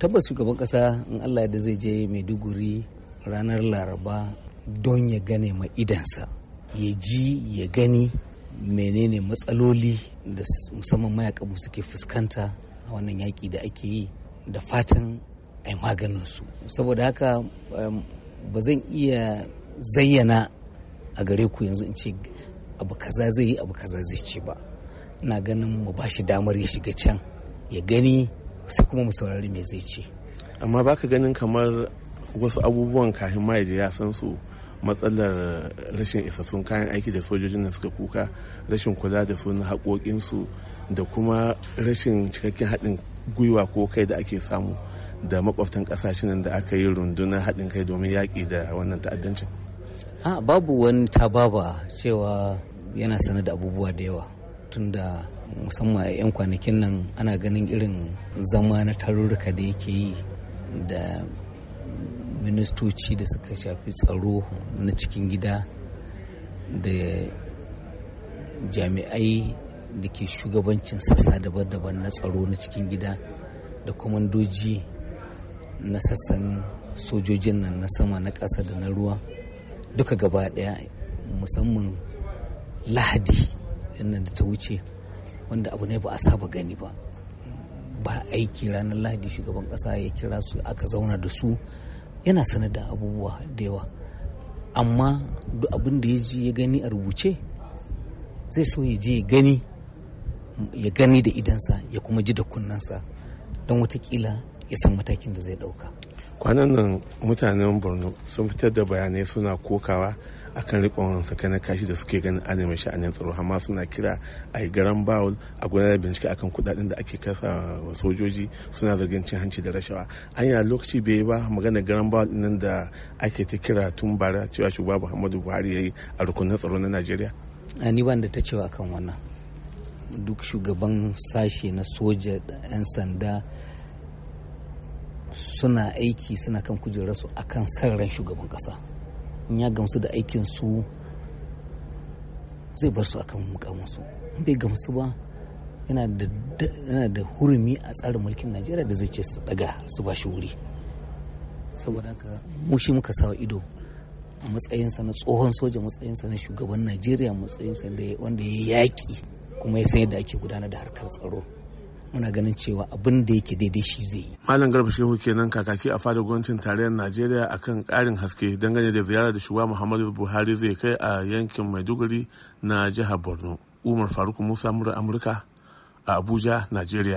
tabbas shugaban kasa in allah da zai je maiduguri ranar laraba don ya gane ma idansa ya ji ya gani menene matsaloli da musamman mayakabu suke fuskanta a wannan yaƙi da ake yi da fatan a maganin su saboda haka ba zan iya zayyana a gare ku yanzu in ce abu kaza zai yi abu kaza zai ce ba na ganin mu ba shi damar ya shiga can ya gani sai kuma mu saurari me zai ce amma baka ganin kamar wasu abubuwan kafin ma ya san su matsalar rashin isassun kayan aiki da sojojin da suka kuka rashin kula da sunan haƙoƙinsu da kuma rashin cikakken haɗin gwiwa ko kai da ake samu da makwabtan ƙasashen da aka yi rundunar haɗin kai domin yaƙi da wannan ta'addanci. babu wani ta baba cewa yana sanar da abubuwa da yawa tun da. musamman a 'yan kwanakin nan ana ganin irin zama na tarurruka da yake yi da ministoci da suka shafi tsaro na cikin gida da jami'ai da ke shugabancin sassa daban-daban na tsaro na cikin gida da kwamandoji na sassan sojojin nan na sama na ƙasa da na ruwa duka gaba ɗaya musamman lahadi nan da ta wuce wanda abu ne ba a saba gani ba ba aiki ranar lahadi shugaban kasa ya kira su aka zauna da su yana sanar da abubuwa da yawa amma duk abin da ya ji ya gani a rubuce zai so ya je ya gani ya gani da idansa ya kuma ji da kunnansa don watakila ya san matakin da zai dauka kwanan nan mutanen borno sun fitar da bayanai suna kokawa akan wansa sakana kashi da suke ganin ana mai sha'anin tsaro amma suna kira a yi garan bawul a gudanar bincike akan kudaden da ake kasa wa sojoji suna zargin cin hanci da rashawa an yi lokaci bai yi ba magana garan bawul nan da ake ta kira tun bara cewa shugaba muhammadu buhari ya yi a rukunin tsaro na najeriya ni ban da ta cewa kan wannan duk shugaban sashe na soja 'yan sanda suna aiki suna kan kujerarsu akan kan ran shugaban kasa in ya gamsu da aikin su zai bar su akan mukamin su in bai gamsu ba yana da hurumi a tsarin mulkin najeriya da zai ce su daga su ba shi wuri saboda haka mu shi muka sawa ido a matsayinsa na tsohon soja matsayinsa na shugaban najeriya matsayinsa wanda ya yaƙi kuma ya san yadda ake gudanar da harkar tsaro muna ganin cewa abin da yake daidai shi zai yi malam garba shehu kenan kakaki a fadar gwamnatin tarayyar najeriya akan karin haske dangane da ziyara da shugaba muhammadu buhari zai kai a yankin maiduguri na jihar borno umar faruk musa mura amurka a abuja najeriya